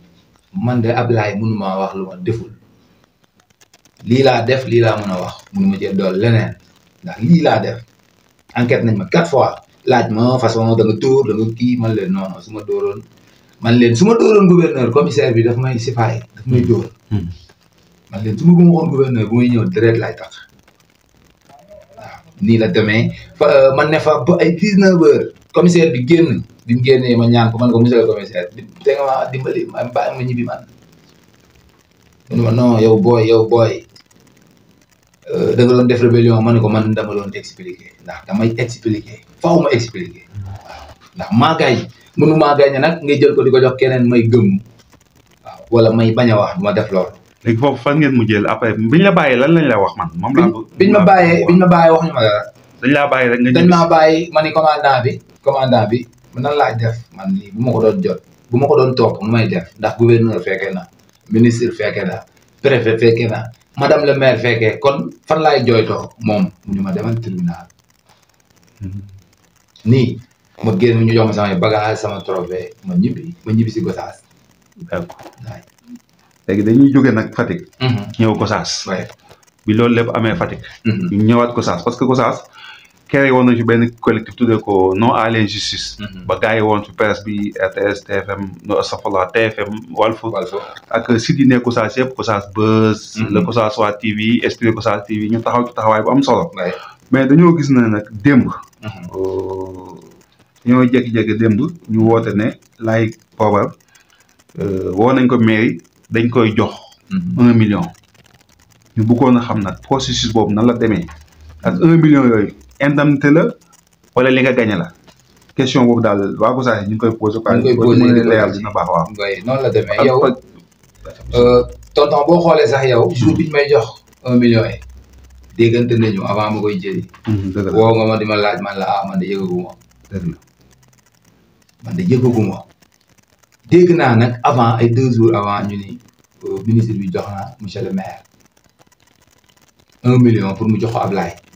man de Ablaye mënu maa wax lu ma deful lii laa def lii laa mën a wax mënu ma cee dool leneen ndax lii laa def enquête nañ ma quatre fois laaj ma façon da nga dóor kii man leen non su ma dóoroon man leen su ma dóoroon gouverneur commissaire bi daf may sifaay daf may dóor hmm. man leen su ma waxoon gouverneur bu may ñëw deret laay tax waaw nii la demee fa euh, man ne fa ay dix neuf heures commissaire bi génn bi mu ma ñaan ko man ko monsieur le commissaire te nga ma dimbali ma bàyyi ma ñibbi man mu ne ma non yow booy yow booy euh, danga nga doon def rébellion ma ne ko man dama doon expliqué ndax damay expliqué faaw ma expliqué waaw ndax mënumaa gagné nag ngay jël ko di ko jox keneen may gëm waaw wala may bañ a wax du ma def loolu. léegi foofu fan ngeen mu jël après biñ la bàyyee lan lañ la wax man. moom laa biñ ma bàyyee biñ ma bàyyee wax ñu ma dara. dañ laa bàyyi rek nga ñëw dañ maa bàyyi ma ni commandant bi. commandant bi nan laaj def man nii bu ma ko doon jot bu ma ko doon topp may def ndax gouverneur fekkee na ministre fekkee na préfet fekkee na madame le maire fekkee kon fan laay jooytoo moom mu ni ma demal tribunal mhm. nii. ma génn ñu jox ma samay bagage sama trophée ma ñibbi ma ñibbi si Gosaas. d'accord jóge nag Fatick. Mhm. ñëw bi loolu lépp amee Fatick. Mhm. ñu ñëwaat Gosaas parce que Gosaas. créé woon nañu fi benn collectif tuddee ko non à l'injustice mhm. ba gars woon fi presse bi RTS TFM no safala TFM Walf ak site yi nekk Gossas yëpp Gossas Buzz waa TV esprit Gossas TV ñu taxaw ci taxawaay bu am solo mais dañoo gis ne nag démb euh, dañoo jékki-jékki démb ñu woote ne Laye Poobar euh, woo nañ ko mairie dañ koy jox. Mhm. un million. ñu bëggoon a xam nag processus boobu nan la demee ak un million yooyu indemnité la wala li nga gañe la question boobu daal waa Gossas ñu koy posé. ñu ngi koy posé ñu leeral dina baax waaw. noonu la demee yow euh, tonton xoolee sax yow. jour bi ñu may jox ma koy jëli. Mhm, dëgg ma di ma laaj man la ah man de la man de yëgaguma dégg naa nag avant ay deux jours avant ñu ni euh, ministre bi jox na le maire un million pour mu jox ko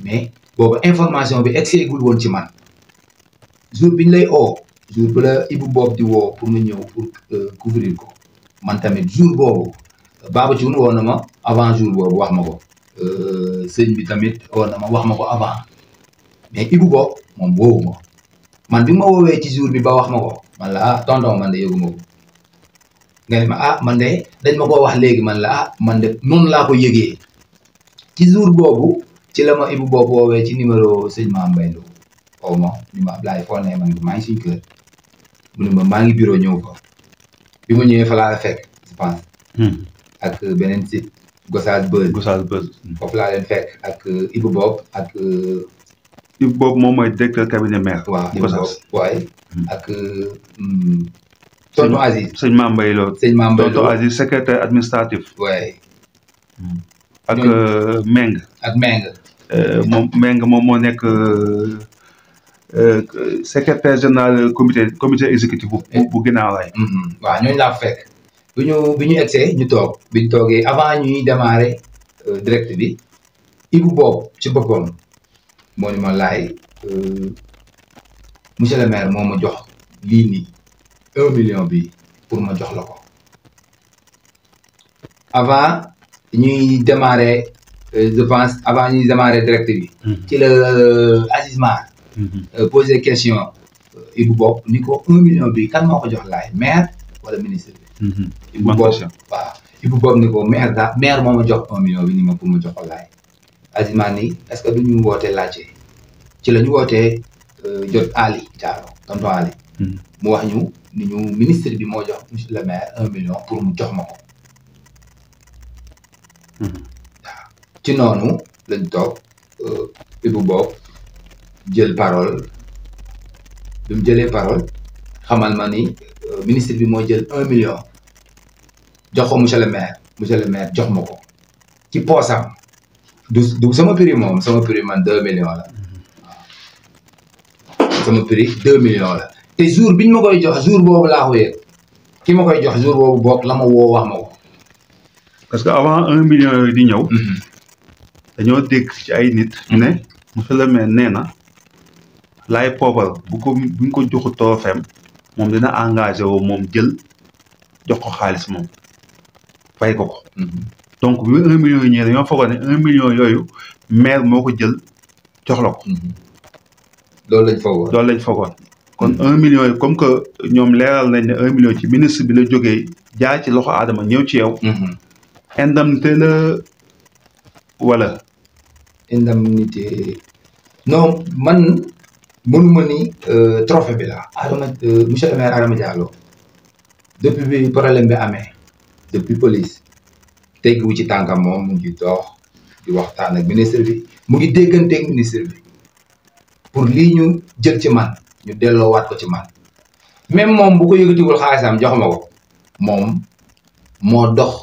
mais boobu information bi egseegul woon ci man jour bi ñu lay o jour bi la Bob di woo pour mu ñëw pour euh, couvrir ko man tamit jour boobu Baba Thioune woo avant jour boobu wax ma ko euh, sëñ bi tamit woo na wax ma avant mais Ibou Bob moom woowu man bi ma woowee ci jour bi ba wax ma ko man la ah tonton man de yëgu ma ko nga ne ma ah man de dañ ma koo wax léegi man la ah man de noonu laa ko yëgee ci jour boobu ci la ma Ibou Bopp woowee ci numéro sëñ Mame Mbaye Ndoo xaw ma ni ma Ablaye man maa ngi suñu kër mu ne ma maa ngi bureau ñëw ko bi ma ñëwee fa laa hmm. ak euh, beneen site Gossas Buzz. Gossas Buzz. foofu laa leen ak euh, Ibou Bopp ak. Euh, boobu moom mooy directeur cabinet maire. waaw di Gossas waay ak. Hmm, tonton Aziz sëñ Mame Mbaye Lo. sëñ Mame Mbaye Lo tonton Aziz secrétaire administratif. waay. Hmm. ak euh, Meng. ak Meng. Euh, moom Meng moom moo nekk euh, secrétaire général comité comité exécutif bu bu ginnaaw laay. Hmm, waaw ñooñu laa fekk. bi ñu ñu egsee ñu toog avant ñuy démarrer direct bi Ibou boobu ci boppam. moo ni ma laay euh, monsieur le maire moo ma jox lii nii un million bi pour ma jox la ko avant ñuy démarrer euh, je pense avant ñuy démarrer direct bi. Mhm. ci la euh, Aziz Mar. Mhm. poser question Ibou Bob ni ko un million bi kan moo ko jox laay maire wala ministre bi. Mhm. Ibou Bob waaw Ibou Bob ni ko maire daa maire moo ma jox un million bi ni ma pour ma jox ko laay. Azimane yi est-ce que du ñu wootee laaje ci la ñu wootee euh, jot Ali Diallo tonton Ali hmm. mu wax ñu ni ñu ministre bi moo jox monsieur million pour mu jox ma ko hmm. waaw ci noonu lañ toog euh, Ibou Bob jël parole bi mu jëlee parole xamal ma ni euh, ministre bi moo jël un million jox ko monsieur le maire monsieur le maire jox ma ko ci poosam du du sama prix moom sama prix man deux millions la waaw ah. sama prix millions la te jour biñ ma koy jox jour boobu ma koy jox jour la ma woo parce que avant un million yooyu di ñëw. Mm-hmm. dañoo dégg ci ay nit. ne mm-hmm. monsieur le maire nee na laay poobal bu ko buñ toofeem moom dina engagé woo moom jël jox ko xaalis moom fay ko ko. Mm-hmm. donc bu un million yi ñëwee dañoo foogoo un million yooyu maire moo ko jël jox la ko. Mhm. loolu lañ foogoon loolu lañ foogoon. kon un million yi comme que ñoom leeral nañ ne un million ci ministre bi la jógee jaar ci loxo aadama ñëw ci yow. Mhm. indemnité la wala. indemnité non man mënuma ni euh, trophée bi la. Euh, le maire Adama Diallo depuis bi problème bi amee depuis police. teggiwu ci tànkam moom mu ngi dox di waxtaan ak ministre bi mu ngi dégganteeg ministre bi pour lii ñu jël ci man ñu delloowaat ko ci man même moom bu ko yëgatiwul xaalisam jox ma ko moom moo dox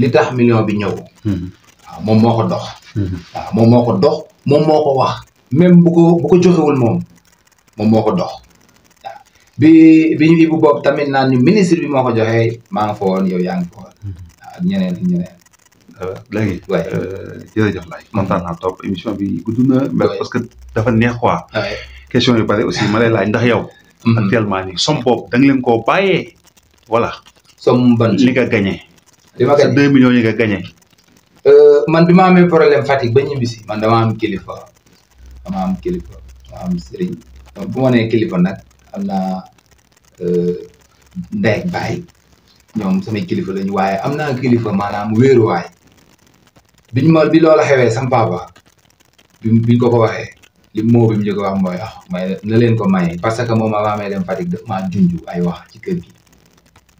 li tax million bi ñëw. Hmm. Hmm. waaw moom moo ko dox. moom moo ko wax même bu ko joxewul moom moom moo ko dox waaw bi bi ñu ibu boobu tamit naan ni ministre bi moo ko joxee maa ngi fa woon yow yaa ak ñeneen ak ñeneen. Euh, léegi. waay euh, jërëjëf laay kontaan naa bi gudd na. parce que dafa neex quoi. question yu bari aussi ma lay ndax yow. Mm-hmm. actuellement nii somme boobu da nga leen koo bàyyee. voilà. somme ban li nga gagné. li yi nga gagné. Euh, man bi ma amee problème Fatick ba ñibbisi man dama am kilifa dama am kilifa dama am sëriñ bu ma kilifa nag am naa ndey ak baay ñoom samay kilifa lañu waaye am naa kilifa maanaam wéeruwaay biñ ma bi loola xewee sam biñ ko ko waxee li moo bi mu wax mooy ah, na leen ko maye parce que moom avant may dem Fatick daf ay wax ci kër gi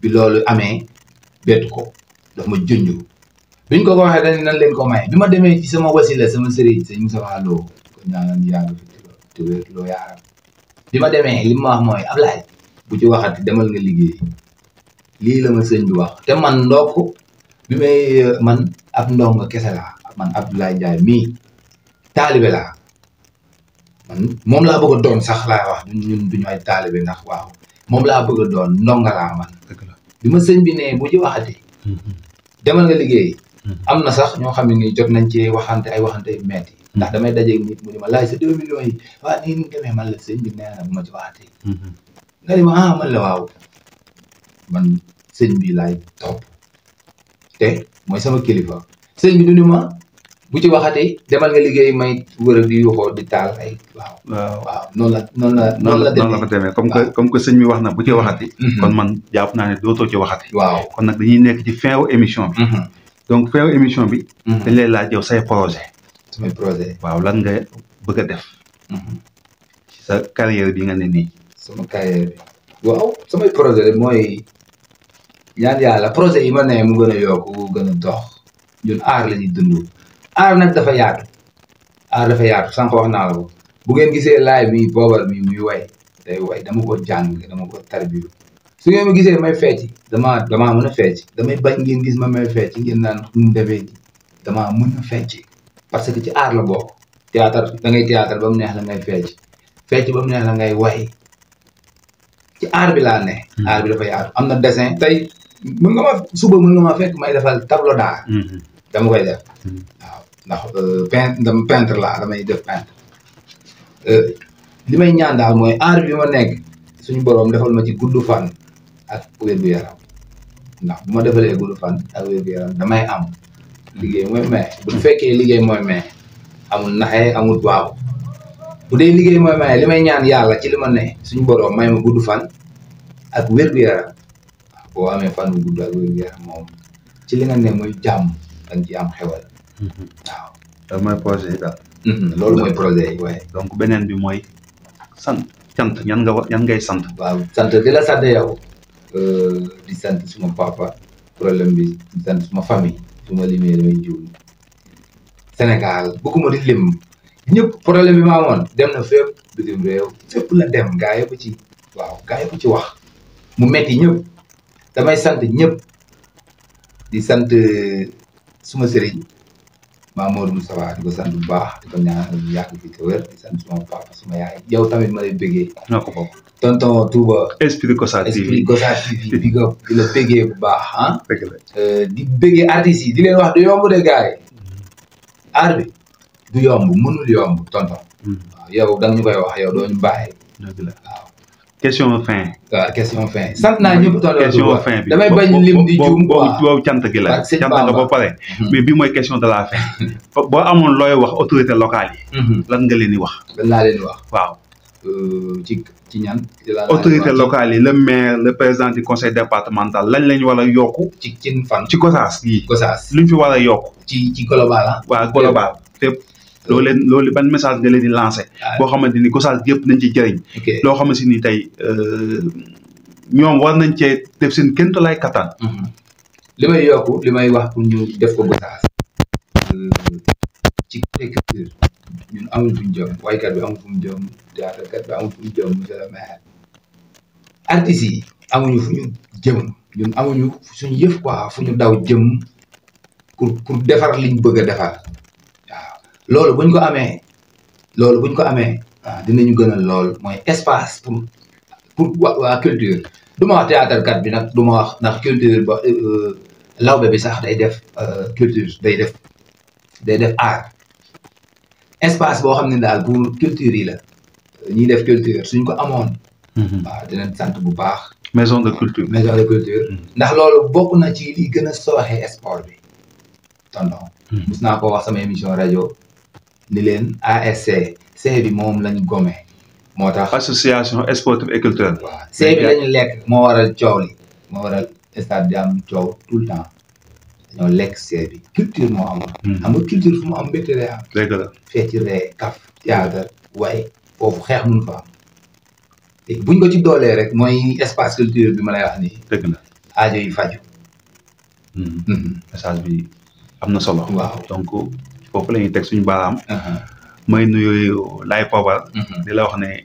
bi ko daf ma junj biñ ko ko waxee dañ nan leen ko maye bi ma demee ci sama wasila sama sëriñ sëñ Moussa Lo ko ñaanal yàlla loo yaaram bi ma demee li wax mooy Ablaye bu ci waxati demal nga liggéey lii la ma sëñ bi wax te man ndokk bi may man ab ndongo kese laa man Abdoulaye Ndiaye mii taalibe laa man moom laa bëgg a doon sax laa wax ñun du ñu ay taalibe ndax waaw moom laa bëgg a doon ndonga man bi ma sëñ ne bu ci waxati mm-hmm. demal nga liggéey mm-hmm. am na sax ñoo xam ne nii jot nañ ci waxante ay waxante metti mm-hmm. ndax damay dajeeg nit mu di ma laaj sa deux millions waa nii ñu demee man la sëñ na bu ma nga di ma ah waaw man sëñ bi laay topp te mooy sama kilifa sëñ bi du ni ma bu ci waxatee demal nga liggéey may wër di yuuxoo di taal ay. waaw waaw la noonu la. noonu la noonu comme que comme que sëñ bi wax na bu ci waxati. Mhm. kon man jàpp naa ne dootoo ci waxati. waaw kon nag dañuy nekk ci fin wu émission bi. Mhm. donc fin émission bi. Mhm. dañ lay laaj yow say projet. waaw lan nga bëgg a def. ci sa carrière bi nga ne nii. sama carrière bi waaw samay projet mooy. ñaan yàlla projet yi ma ne mu gën a yokku gën a dox ñun aar la ñuy dund aar nag dafa yaatu aar dafa yaatu sànq wax naa la bu ngeen gisee laay mi boobar mi muy way day way dama ko jàng dama ko tarbiyu su ngeen ma gisee may fecc dama damaa mën a fecc damay bañ ngeen gis ma may fecc ngeen naan mu defee damaa mën parce que ci aar la bokk théâtre dangay ngay théâtre ba mu neex la ngay fecc fecc ba mu neex la ngay way ci aar bi laa ne hmm. aar bi dafa yaatu am na dessin mën nga ma suba mën nga ma fekk may defal tableau daa mm-hmm. dama koy def. Mm-hmm. waaw ndax euh, peintre dama euh, li may ñaan daal mooy aar bi ma nekk suñu boroom defal ma ci gudd fan ak wér gu yaram bu ma defalee gudd fan ak wér gu damay am liggéey mooy maye bu fekkee liggéey mooy maye amul naxee amul baabu bu dee liggéey mooy maye li may ñaan yàlla ci li ma ne suñu boroom may ma gudd fan ak wér gu boo amee fan bu gudd ak wér moom ci li nga ne muy jàmm danga ci am xewal waaw loolu mooy projet yi mm-hmm. loolu mooy projet waaye donc beneen bi mooy sant sant ñan nga wa ñan ngay sant waaw sant di la sant yow di sant suma papa problème bi di sant suma famille suma limee damay jiw Sénégal bëgguma di lim ñëpp problème bi ma amoon dem na fépp bitim réew fépp la dem gaa yëpp ci waaw gaa yëpp ci wax mu metti ñëpp damay sante ñëpp di sante suma sëriñ Mamour musaba di ko sant bu baax di ko ñaanal yàgg fi te wér di sante suma papa suma yaay yow tamit ma lay bëggee ñoo ko bokk tonton Touba esprit Kosa TV esprit Kosa TV bi nga di la bëggee bu baax ah di bëggee artistes yi di leen wax du yomb de gars Arbi. du yomb mënul yomb tonton waaw yow da nga ñu koy wax yow doo ñu question fin. Question ah, question fin sant n'a ñëpp tolo question fin bi damay bañ lim di joom quoi boobu cant gi la cant nga ba pare. mais mhm. bi moy question de la fin. Mhm. bo amone loy wax autorité locale yi. Mhm. lan nga leen di wax. lan la leen di wax waaw. Euh, ci ci ñan. autorité locale yi le maire le président du conseil départemental lañ lañ wala a yokku. ci ci fan. ci Gossas gii. Gossas luñ fi wala a yokku. ci ci global ah. waaw global te. loo leen loolu ban message nga leen ah. boo xamante ni Gossas gépp nañ ci jëriñ. loo xamante ni tey euh, ñoom war nañ cee def seen kéemtalaay kattan. Mhm. li may yokk li may wax pour def ko Gossas. ci côté culture ñun amul fu ñu jëm waykat bi amul amuñu fu ñu yëf quoi fu ñu daw jëm pour pour defar liñ bëgg defar. loolu buñ ko amee loolu buñ ko amee ah, dinañu gënal lool mooy espace pour culture du ma wax théâtre kat bi nag du ma wax ndax culture ba euh, euh, lawbe bi sax day def euh, culture day def day def art espace boo xam ne daal pour culture yi la ñuy def culture suñ ko amoon mm-hmm. waaw dinañ sant bu baax maison de culture maison de culture mm-hmm. ndax loolu bokk na ci li gën a sooxe sport bi tonton mus mm-hmm. naa ko wax sama émission rajo ni leen ASC C bi moom lañ gome moo tax association sportive et culturelle. waaw C bi lañu lekk moo waral coow li moo waral stade bi am coow tout le temps dañoo lekk C bi culture moo amoon. Hmm. xam culture fu mu am mbégte day am. dëgg la fecc ree kaf théâtre waaye foofu xeex mun fa buñ ko ci doolee rek mooy espace culture bi ma lay wax nii. dëgg la yi faju hmm. Hmm. am na solo. waaw foofu la ñuy teg suñu baaraam. Uh-huh. may nuyu laay poobar. Uh-huh. di la wax ne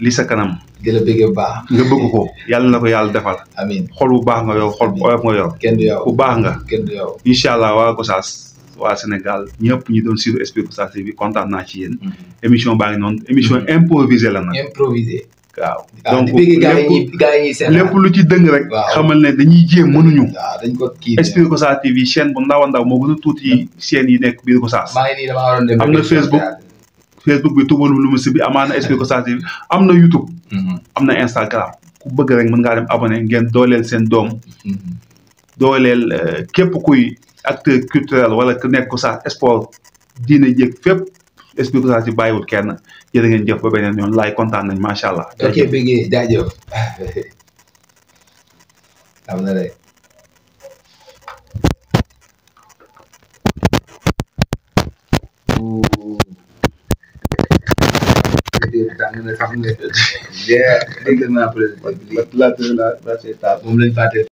li sa kanam. di la bu baax. nga bëgg ko yàlla na ko yàlla defal. amiin xol bu baax nga yor xol bu oyof bu baax nga. kenn du incha allah waa Gossas. waa Sénégal ñëpp ñu doon suivre Esprit Gossas TV bi kontaan naa ci yéen. Mm-hmm. émission baa ngi noonu émission mm-hmm. improvisée la nag. waaw donc lépp lu ci dëng rek. xamal ne dañuy jéem mënuñu. waaw dañ ko kii Esprit Gossas TV chaîne bu ndaw a ndaw moo gën a tuuti chaîne yi nekk biir Gossas. am na Facebook. Facebook bi tubalu lu mu si bi amaana Esprit Gossas TV am na YouTube. Mm-hmm. am na Instagram ku bëgg rek mën ngaa dem abonné ngeen dooleel seen doom. Mm-hmm. dooleel eh, képp kuy acteur culturel wala ku nekk Gossas sport diine jéeg fépp. explication ci bayiwul kenn jërë ngeen jëf ba beneen yoon laay kontaan nañ macha allah. ok bégee jaajëf am na rek. Yeah, I think that's not a problem. But that's it. That's it.